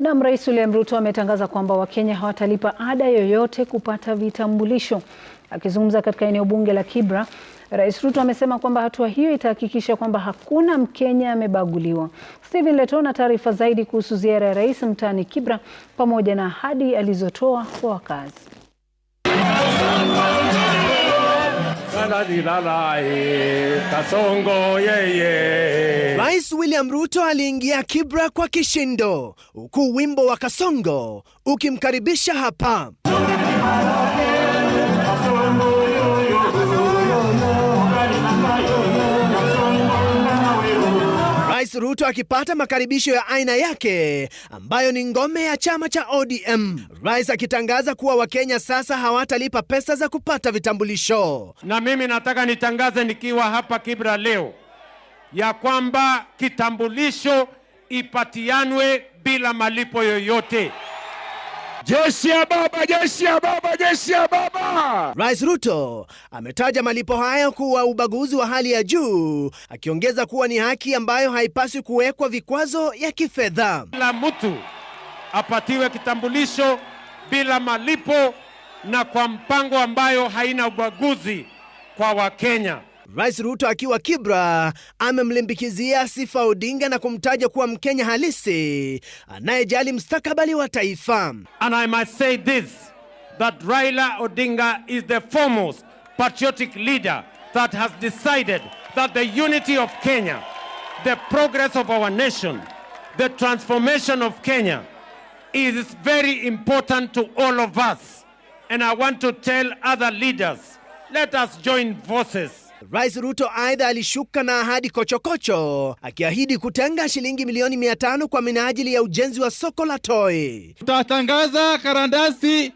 Naam, Rais William Ruto ametangaza kwamba Wakenya hawatalipa ada yoyote kupata vitambulisho. Akizungumza katika eneo bunge la Kibra, Rais Ruto amesema kwamba hatua hiyo itahakikisha kwamba hakuna Mkenya amebaguliwa. Stephen Leto na taarifa zaidi kuhusu ziara ya rais mtaani Kibra pamoja na ahadi alizotoa kwa wakazi. Kasongo yeye William Ruto aliingia Kibra kwa kishindo, huku wimbo wa Kasongo ukimkaribisha hapa. Rais Ruto akipata makaribisho ya aina yake ambayo ni ngome ya chama cha ODM. Rais akitangaza kuwa Wakenya sasa hawatalipa pesa za kupata vitambulisho. Na mimi nataka nitangaze nikiwa hapa Kibra leo ya kwamba kitambulisho ipatianwe bila malipo yoyote. Jeshi ya baba, jeshi ya baba, jeshi ya baba. Rais Ruto ametaja malipo haya kuwa ubaguzi wa hali ya juu, akiongeza kuwa ni haki ambayo haipaswi kuwekwa vikwazo ya kifedha. Kila mtu apatiwe kitambulisho bila malipo na kwa mpango ambayo haina ubaguzi kwa Wakenya. Rais Ruto akiwa Kibra amemlimbikizia sifa Odinga na kumtaja kuwa Mkenya halisi anayejali mstakabali wa taifa. And I must say this that Raila Odinga is the foremost patriotic leader that has decided that the unity of Kenya, the progress of our nation, the transformation of Kenya is very important to all of us. And I want to tell other leaders, let us join forces Rais Ruto aidha alishuka na ahadi kochokocho akiahidi kutenga shilingi milioni mia tano kwa minajili ya ujenzi wa soko la Toi. Tutatangaza karandasi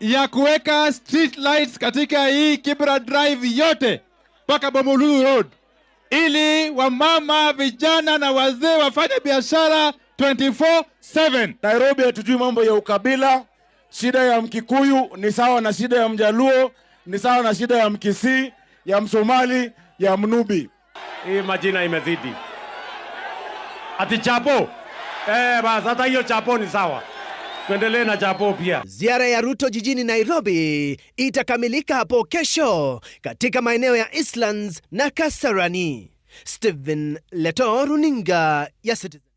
ya kuweka street lights katika hii Kibra Drive yote mpaka Bomolulu Road ili wamama, vijana na wazee wafanye biashara 24/7. Nairobi hatujui mambo ya ukabila. Shida ya Mkikuyu ni sawa na shida ya Mjaluo, ni sawa na shida ya Mkisii ya Msomali, ya Mnubi. Hii majina imezidi. Ati chapo eh, basi hata hiyo chapo ni sawa. Tuendelee na chapo pia. Ziara ya Ruto jijini Nairobi itakamilika hapo kesho katika maeneo ya Eastlands na Kasarani. Stephen Leto, runinga ya Citizen.